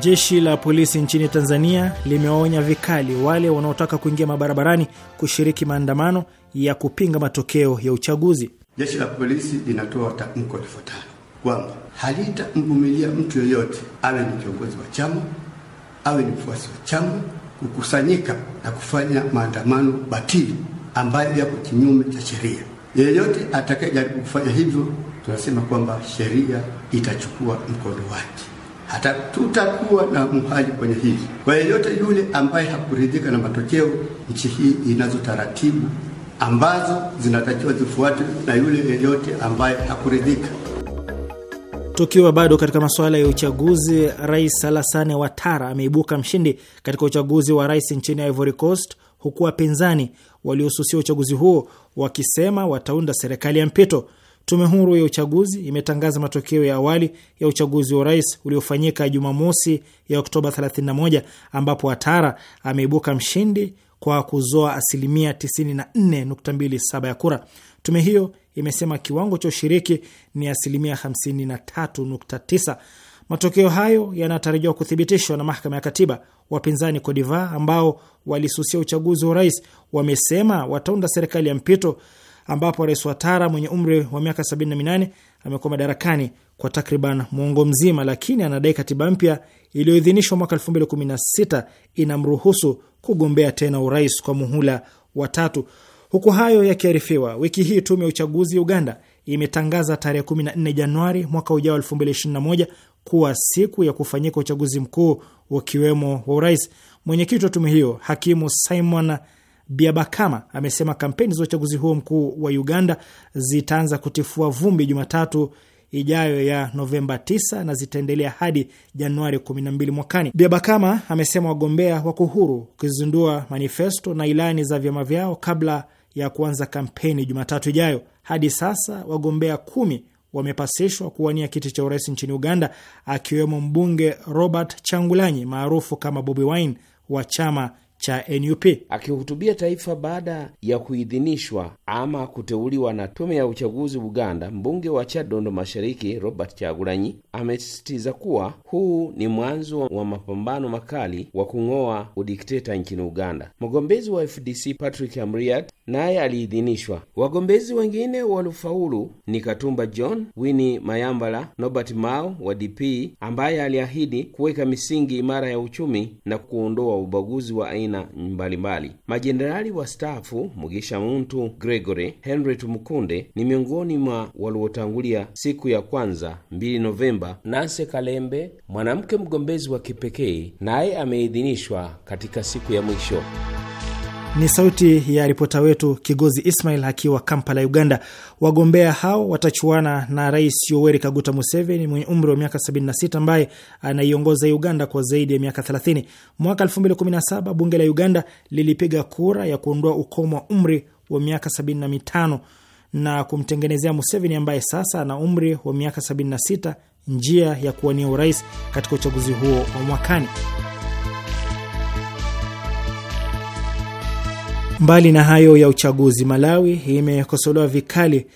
Jeshi la polisi nchini Tanzania limewaonya vikali wale wanaotaka kuingia mabarabarani kushiriki maandamano ya kupinga matokeo ya uchaguzi. Jeshi la polisi linatoa tamko lifuatalo kwamba halitamvumilia mtu yeyote, awe ni kiongozi wa chama, awe ni mfuasi wa chama, kukusanyika na kufanya maandamano batili ambayo yako kinyume cha sheria. Yeyote atakayejaribu kufanya hivyo, tunasema kwamba sheria itachukua mkondo wake. Hata tutakuwa na muhali kwenye hili. Kwa yeyote yule ambaye hakuridhika na matokeo, nchi hii inazo taratibu ambazo zinatakiwa zifuatwe na yule yeyote ambaye hakuridhika. Tukiwa bado katika masuala ya uchaguzi, Rais Alassane Ouattara ameibuka mshindi katika uchaguzi wa rais nchini Ivory Coast huku wapinzani waliosusia uchaguzi huo wakisema wataunda serikali ya mpito. Tume huru ya uchaguzi imetangaza matokeo ya awali ya uchaguzi wa urais uliofanyika Jumamosi ya Oktoba 31 ambapo Watara ameibuka mshindi kwa kuzoa asilimia 94.27 ya kura. Tume hiyo imesema kiwango cha ushiriki ni asilimia 53.9. Matokeo hayo yanatarajiwa kuthibitishwa na mahakama ya katiba. Wapinzani Kodiva ambao walisusia uchaguzi wa urais wamesema wataunda serikali ya mpito ambapo rais Watara mwenye umri wa miaka 78 amekuwa madarakani kwa takriban mwongo mzima, lakini anadai katiba mpya iliyoidhinishwa mwaka 2016 inamruhusu kugombea tena urais kwa muhula wa tatu. Huku hayo yakiarifiwa, wiki hii tume ya uchaguzi Uganda imetangaza tarehe 14 Januari mwaka ujao 2021 kuwa siku ya kufanyika uchaguzi mkuu ukiwemo wa urais. Mwenyekiti wa tume hiyo hakimu Simon Biabakama amesema kampeni za uchaguzi huo mkuu wa Uganda zitaanza kutifua vumbi Jumatatu ijayo ya Novemba 9 na zitaendelea hadi Januari 12 mwakani. Biabakama amesema wagombea wako huru kuzindua manifesto na ilani za vyama vyao kabla ya kuanza kampeni Jumatatu ijayo. Hadi sasa wagombea kumi wamepasishwa kuwania kiti cha urais nchini Uganda, akiwemo mbunge Robert Changulanyi maarufu kama Bobi Wine wa chama cha NUP. Akihutubia taifa baada ya kuidhinishwa ama kuteuliwa na tume ya uchaguzi Uganda, mbunge wa Chadondo Mashariki Robert Chagulanyi amesisitiza kuwa huu ni mwanzo wa mapambano makali wa kung'oa udikteta nchini Uganda. Mgombezi wa FDC Patrick Amriat naye aliidhinishwa. Wagombezi wengine waliofaulu ni Katumba John, Winnie Mayambala, Norbert Mao wa DP ambaye aliahidi kuweka misingi imara ya uchumi na kuondoa ubaguzi wa aina aina mbalimbali. Majenerali wastaafu Mugisha Muntu Gregory, Henry Tumukunde ni miongoni mwa waliotangulia siku ya kwanza 2 Novemba. Nanse Kalembe, mwanamke mgombezi wa kipekee, naye ameidhinishwa katika siku ya mwisho. Ni sauti ya ripota wetu Kigozi Ismail akiwa Kampala, Uganda. Wagombea hao watachuana na Rais Yoweri Kaguta Museveni mwenye umri wa miaka 76 ambaye anaiongoza Uganda kwa zaidi ya miaka 30. Mwaka 2017 bunge la Uganda lilipiga kura ya kuondoa ukomo wa umri wa miaka 75 na kumtengenezea Museveni ambaye sasa ana umri wa miaka 76 njia ya kuwania urais katika uchaguzi huo wa mwakani. Mbali na hayo ya uchaguzi, Malawi imekosolewa vikali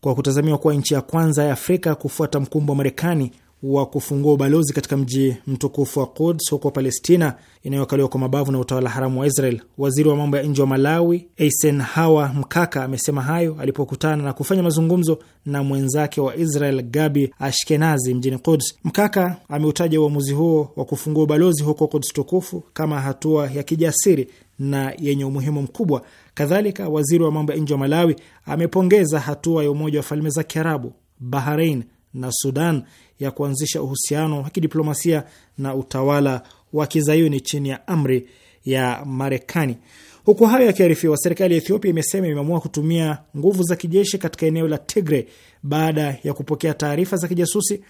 kwa kutazamiwa kuwa nchi ya kwanza ya Afrika kufuata mkumbo wa Marekani wa kufungua ubalozi katika mji mtukufu wa Quds huko Palestina inayokaliwa kwa mabavu na utawala haramu wa Israel. Waziri wa mambo ya nje wa Malawi Eisenhower Mkaka amesema hayo alipokutana na kufanya mazungumzo na mwenzake wa Israel Gabi Ashkenazi mjini Quds. Mkaka ameutaja uamuzi huo wa kufungua ubalozi huko Quds tukufu kama hatua ya kijasiri na yenye umuhimu mkubwa. Kadhalika, waziri wa mambo ya nje wa Malawi amepongeza hatua ya Umoja wa Falme za Kiarabu, Bahrain na Sudan ya kuanzisha uhusiano wa kidiplomasia na utawala wa kizayuni chini ya amri ya Marekani. Huku hayo yakiarifiwa, serikali ya Ethiopia imesema imeamua kutumia nguvu za kijeshi katika eneo la Tigre baada ya kupokea taarifa za kijasusi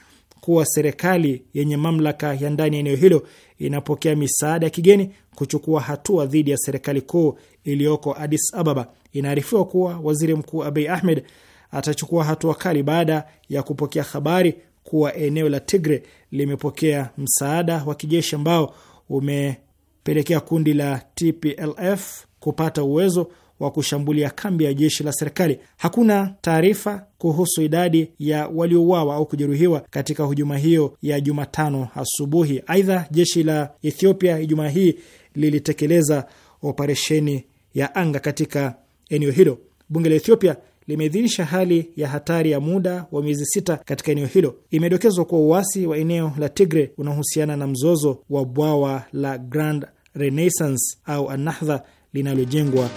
kuwa serikali yenye mamlaka ya ndani ya eneo hilo inapokea misaada ya kigeni kuchukua hatua dhidi ya serikali kuu iliyoko Addis Ababa. Inaarifiwa kuwa waziri mkuu Abiy Ahmed atachukua hatua kali baada ya kupokea habari kuwa eneo la Tigre limepokea msaada wa kijeshi ambao umepelekea kundi la TPLF kupata uwezo wa kushambulia kambi ya jeshi la serikali. Hakuna taarifa kuhusu idadi ya waliouawa au kujeruhiwa katika hujuma hiyo ya Jumatano asubuhi. Aidha, jeshi la Ethiopia Ijumaa hii lilitekeleza operesheni ya anga katika eneo hilo. Bunge la Ethiopia limeidhinisha hali ya hatari ya muda wa miezi sita katika eneo hilo. Imedokezwa kuwa uasi wa eneo la Tigre unaohusiana na mzozo wa bwawa la Grand Renaissance au Anahdha linalojengwa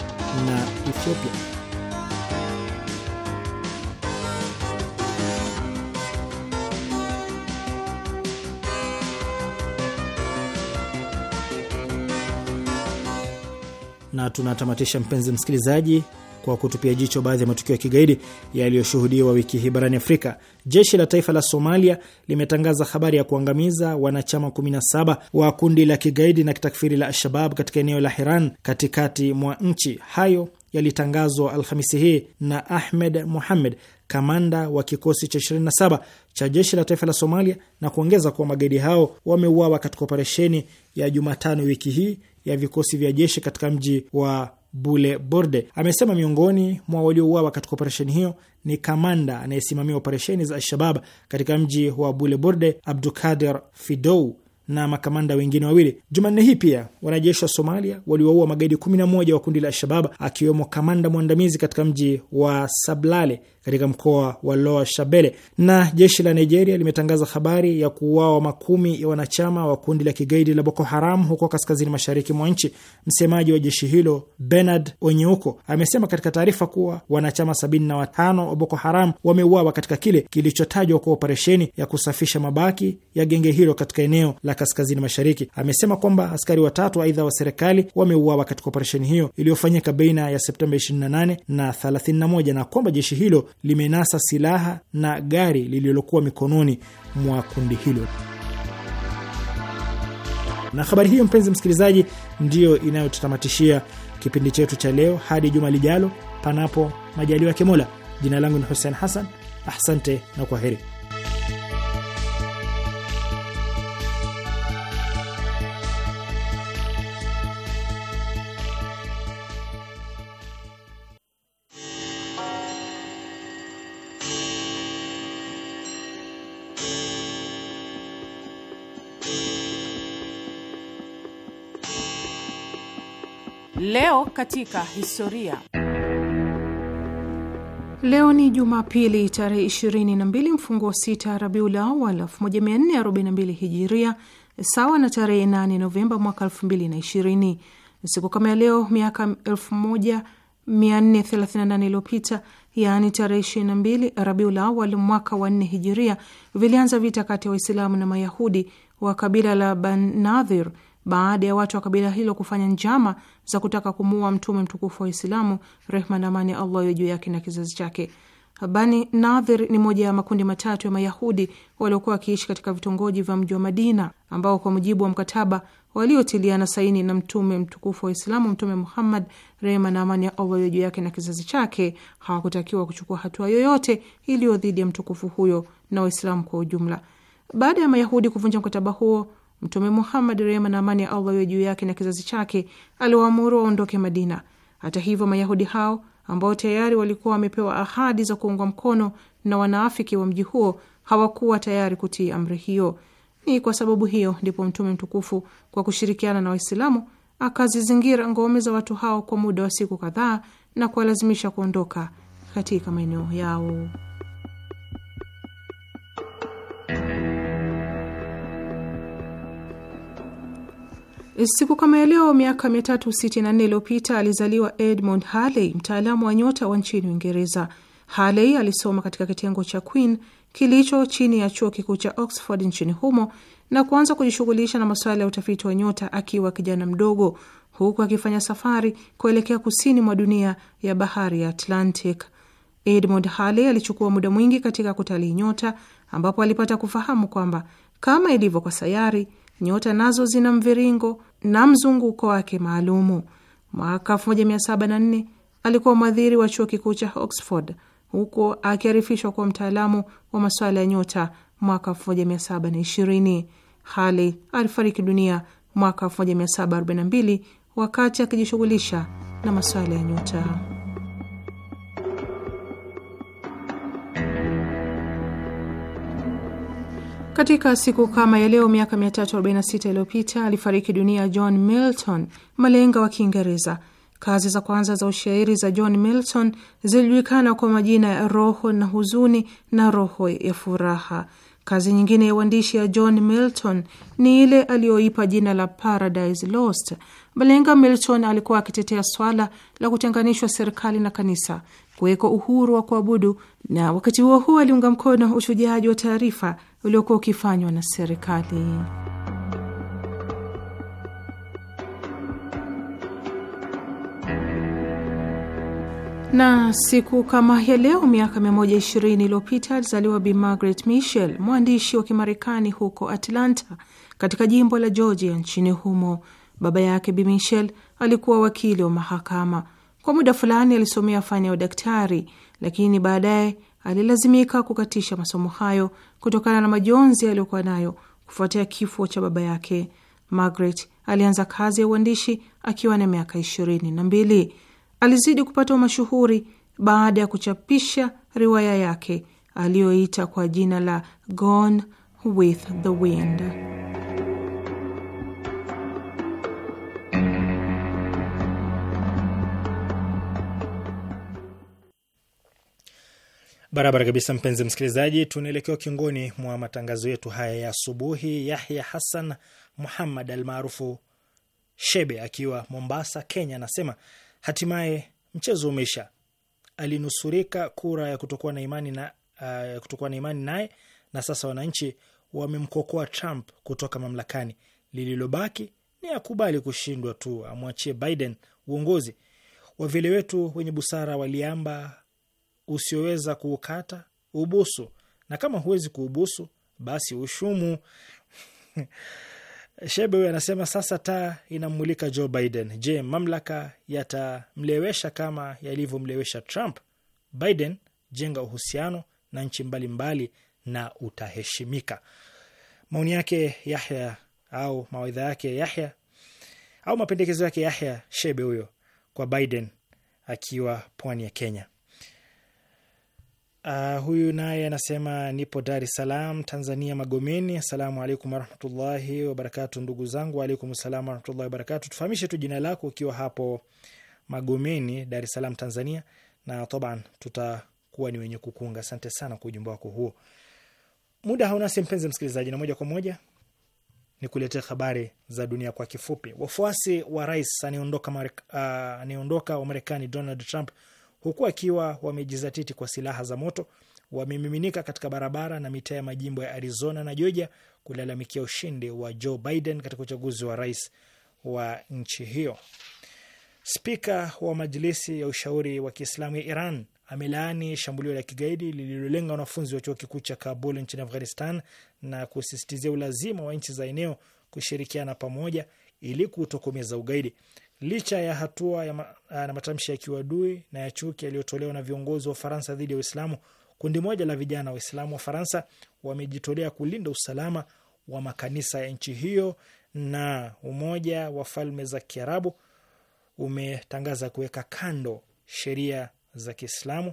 na Ethiopia. na tunatamatisha mpenzi msikilizaji, kwa kutupia jicho baadhi ya matukio ya kigaidi yaliyoshuhudiwa wiki hii barani Afrika. Jeshi la taifa la Somalia limetangaza habari ya kuangamiza wanachama 17 wa kundi la kigaidi na kitakfiri la Al-Shabab katika eneo la Hiran katikati mwa nchi. Hayo yalitangazwa Alhamisi hii na Ahmed Muhammed, kamanda wa kikosi cha 27 cha jeshi la taifa la Somalia, na kuongeza kuwa magaidi hao wameuawa katika operesheni ya Jumatano wiki hii ya vikosi vya jeshi katika mji wa Bule Borde amesema miongoni mwa waliouawa katika operesheni hiyo ni kamanda anayesimamia operesheni za Alshabab katika mji wa Bule Borde, Abdukadir Fidou na makamanda wengine wawili. Jumanne hii pia wanajeshi wa Somalia waliwaua magaidi 11 wa kundi la Alshabab akiwemo kamanda mwandamizi katika mji wa Sablale katika mkoa wa loa shabele Na jeshi la Nigeria limetangaza habari ya kuuawa makumi ya wanachama wa kundi la kigaidi la Boko Haram huko kaskazini mashariki mwa nchi. Msemaji wa jeshi hilo Bernard Onyeuko amesema katika taarifa kuwa wanachama 75 wa Boko Haram wameuawa katika kile kilichotajwa kwa operesheni ya kusafisha mabaki ya genge hilo katika eneo la kaskazini mashariki. Amesema kwamba askari watatu aidha wa serikali wameuawa katika operesheni hiyo iliyofanyika baina ya Septemba 28 na 31 na kwamba jeshi hilo limenasa silaha na gari lililokuwa mikononi mwa kundi hilo. Na habari hiyo, mpenzi msikilizaji, ndiyo inayotutamatishia kipindi chetu cha leo. Hadi juma lijalo, panapo majaliwa ya Mola. Jina langu ni Hussein Hassan, asante na kwa heri Leo katika historia. Leo ni Jumapili tarehe 22 mfungo sita Rabiul Awal 1442 Hijiria, sawa na tarehe 8 Novemba mwaka 2020. Siku kama ya leo miaka 1438 iliyopita, yaani tarehe 22 Rabiul Awal mwaka wa nne Hijiria, vilianza vita kati ya Waislamu na Mayahudi wa kabila la Banadhir baada ya watu wa kabila hilo kufanya njama za kutaka kumuua mtume mtukufu wa Uislamu, rehma na amani ya Allah iwe juu yake na kizazi chake. Bani Nadhir ni moja ya makundi matatu ya Mayahudi waliokuwa wakiishi katika vitongoji vya mji wa Madina, ambao kwa mujibu wa mkataba waliotiliana saini na mtume mtukufu wa Uislamu, Mtume Muhammad, rehma na amani ya Allah iwe juu yake na kizazi chake, hawakutakiwa kuchukua hatua yoyote iliyo dhidi ya mtukufu huyo na Waislamu kwa ujumla. Baada ya Mayahudi kuvunja mkataba huo Mtume Muhammad, rehema na amani ya Allah iwe juu yake na kizazi chake, aliwaamuru waondoke Madina. Hata hivyo, Mayahudi hao ambao tayari walikuwa wamepewa ahadi za kuungwa mkono na wanaafiki wa mji huo hawakuwa tayari kutii amri hiyo. Ni kwa sababu hiyo ndipo Mtume mtukufu kwa kushirikiana na Waislamu akazizingira ngome za watu hao kwa muda wa siku kadhaa na kuwalazimisha kuondoka katika maeneo yao. E, siku kama ya leo miaka 364 iliyopita alizaliwa Edmund Halley, mtaalamu wa nyota wa nchini Uingereza. Halley alisoma katika kitengo cha Queen kilicho chini ya chuo kikuu cha Oxford nchini humo na kuanza kujishughulisha na masuala ya utafiti wa nyota akiwa kijana mdogo, huku akifanya safari kuelekea kusini mwa dunia ya bahari ya Atlantic. Edmund Halley alichukua muda mwingi katika kutalii nyota, ambapo alipata kufahamu kwamba kama ilivyo kwa sayari Nyota nazo zina mviringo na mzunguko wake maalumu. Mwaka 1704 alikuwa mwadhiri wa chuo kikuu cha Oxford, huku akiarifishwa kuwa mtaalamu wa masuala ya nyota mwaka 1720. Halley alifariki dunia mwaka 1742 wakati akijishughulisha na masuala ya nyota. Katika siku kama ya leo miaka 346 iliyopita alifariki dunia John Milton, malenga wa Kiingereza. Kazi za kwanza za ushairi za John Milton zilijulikana kwa majina ya Roho na Huzuni na Roho ya Furaha. Kazi nyingine ya uandishi ya John Milton ni ile aliyoipa jina la Paradise Lost. Malenga Milton alikuwa akitetea swala la kutenganishwa serikali na kanisa, kuwekwa uhuru wa kuabudu, na wakati huo huo aliunga mkono uchujaji wa taarifa uliokuwa ukifanywa na serikali. Na siku kama ya leo miaka 120 iliyopita alizaliwa Bi Margaret Mitchell, mwandishi wa Kimarekani huko Atlanta katika jimbo la Georgia nchini humo. Baba yake Bi Mitchell alikuwa wakili wa mahakama. Kwa muda fulani alisomea fani ya udaktari, lakini baadaye alilazimika kukatisha masomo hayo kutokana na majonzi aliyokuwa nayo kufuatia kifo cha baba yake. Margaret alianza kazi ya uandishi akiwa na miaka ishirini na mbili. Alizidi kupata umashuhuri baada ya kuchapisha riwaya yake aliyoita kwa jina la Gone with the Wind. Barabara kabisa, mpenzi msikilizaji, tunaelekea ukingoni mwa matangazo yetu haya ya asubuhi. Yahya Hassan Muhammad almaarufu Shebe akiwa Mombasa, Kenya, anasema hatimaye mchezo umeisha. Alinusurika kura ya kutokuwa na imani na uh, kutokuwa na imani naye, na sasa wananchi wamemkokoa Trump kutoka mamlakani. Lililobaki ni akubali kushindwa tu, amwachie Biden uongozi. Wavile wetu wenye busara waliamba usioweza kuukata ubusu, na kama huwezi kuubusu basi ushumu. shebe huyo anasema sasa taa inammulika Joe Biden. Je, mamlaka yatamlewesha kama yalivyomlewesha Trump? Biden, jenga uhusiano na nchi mbalimbali na utaheshimika. Maoni yake Yahya au mawaidha yake Yahya au mapendekezo yake Yahya Shebe huyo kwa Biden akiwa pwani ya Kenya. Uh, huyu naye anasema nipo Dar es Salaam, Tanzania, Magomeni. Asalamu alaikum warahmatullahi wabarakatu. Ndugu zangu, waalaikum salam warahmatullahi wabarakatu. Tufahamishe tu jina lako ukiwa hapo Magomeni, Dar es Salaam, Tanzania, na taban tutakuwa ni wenye kukunga. Asante sana kwa ujumbe wako huo. Muda haunasi mpenzi msikilizaji, na moja kwa moja ni kuletea habari za dunia kwa kifupi. Wafuasi wa rais anayeondoka uh, wa Marekani Donald Trump huku akiwa wamejizatiti kwa silaha za moto, wamemiminika katika barabara na mitaa ya majimbo ya Arizona na Georgia kulalamikia ushindi wa Joe Biden katika uchaguzi wa rais wa nchi hiyo. Spika wa Majlisi ya Ushauri wa Kiislamu ya Iran amelaani shambulio la kigaidi lililolenga wanafunzi wa chuo kikuu cha Kabul nchini Afghanistan na kusisitizia ulazima wa nchi za eneo kushirikiana pamoja ili kutokomeza ugaidi. Licha ya hatua ya ma, ah, na matamshi ya kiwadui na ya chuki yaliyotolewa na viongozi wa Ufaransa dhidi ya Uislamu, kundi moja la vijana Waislamu wa Faransa wamejitolea kulinda usalama wa makanisa ya nchi hiyo, na Umoja wa Falme za Kiarabu umetangaza kuweka kando sheria za Kiislamu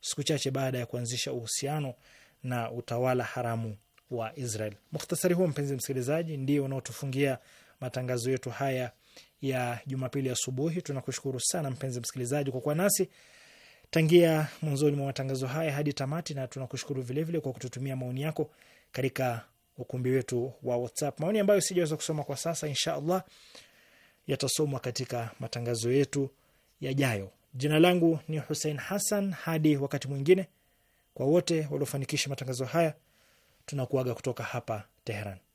siku chache baada ya kuanzisha uhusiano na utawala haramu wa Israel. Mukhtasari huo mpenzi msikilizaji, ndio unaotufungia matangazo yetu haya ya Jumapili asubuhi. Tunakushukuru sana mpenzi msikilizaji kwa kuwa nasi tangia mwanzoni mwa matangazo haya hadi tamati, na tunakushukuru vilevile kwa kututumia maoni yako katika ukumbi wetu wa WhatsApp, maoni ambayo sijaweza kusoma kwa sasa, insha Allah yatasomwa katika matangazo yetu yajayo. Jina langu ni Hussein Hassan. Hadi wakati mwingine, kwa wote waliofanikisha matangazo haya, tunakuaga kutoka hapa Teheran.